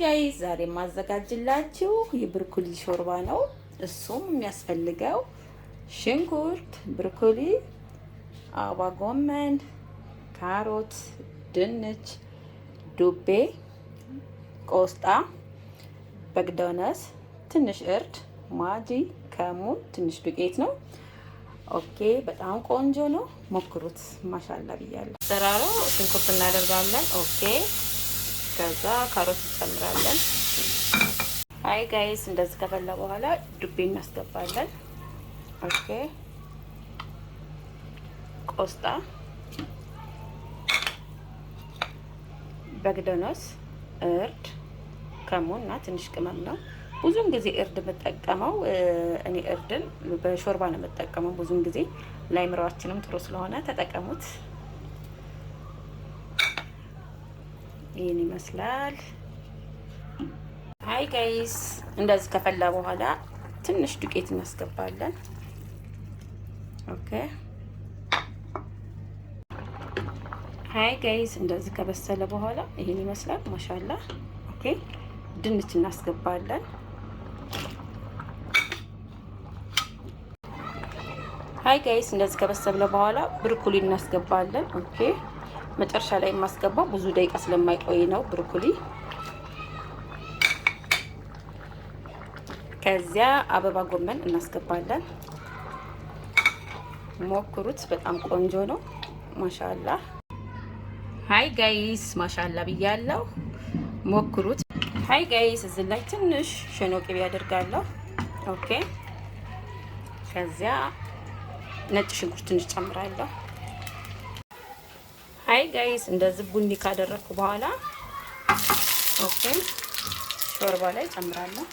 ጋይ ዛሬ ማዘጋጅላችሁ የብሮኮሊ ሾርባ ነው። እሱም የሚያስፈልገው ሽንኩርት፣ ብሮኮሊ፣ አበባ ጎመን፣ ካሮት፣ ድንች፣ ዱቤ፣ ቆስጣ፣ በግዶነስ፣ ትንሽ እርድ፣ ማጂ፣ ከሙን፣ ትንሽ ዱቄት ነው። ኦኬ በጣም ቆንጆ ነው። ሞክሩት። ማሻላ ብያለሁ። አሰራሩ ሽንኩርት እናደርጋለን። ኦኬ ከዛ ካሮት እንጨምራለን። አይ ጋይስ እንደዚህ ከበላ በኋላ ዱቤ እናስገባለን። ኦኬ ቆስጣ፣ በግደኖስ፣ እርድ፣ እና ትንሽ ቅመም ነው። ብዙን ጊዜ እርድ የምጠቀመው እኔ እርድን በሾርባ ነው የምጠቀመው ብዙን ጊዜ። ላይምሯችንም ጥሩ ስለሆነ ተጠቀሙት። ይህን ይመስላል። አይ ጋይስ እንደዚህ ከፈላ በኋላ ትንሽ ዱቄት እናስገባለን። ኦኬ አይ ጋይስ እንደዚህ ከበሰለ በኋላ ይህን ይመስላል። ማሻላ ኦኬ ድንች እናስገባለን። አይ ጋይስ እንደዚህ ከበሰለ በኋላ ብርኩሊ እናስገባለን። ኦኬ መጨረሻ ላይ የማስገባው ብዙ ደቂቃ ስለማይቆይ ነው ብሮኮሊ። ከዚያ አበባ ጎመን እናስገባለን። ሞክሩት፣ በጣም ቆንጆ ነው። ማሻላ ሀይ ጋይስ፣ ማሻላ ብያለሁ። ሞክሩት። ሀይ ጋይስ፣ እዚህ ላይ ትንሽ ሸኖ ቅቤ ያደርጋለሁ። ኦኬ። ከዚያ ነጭ ሽንኩርት ትንሽ ጨምራለሁ። አይ ጋይስ እንደዚህ ቡኒ ካደረኩ በኋላ ኦኬ ሾርባ ላይ ጨምራለሁ።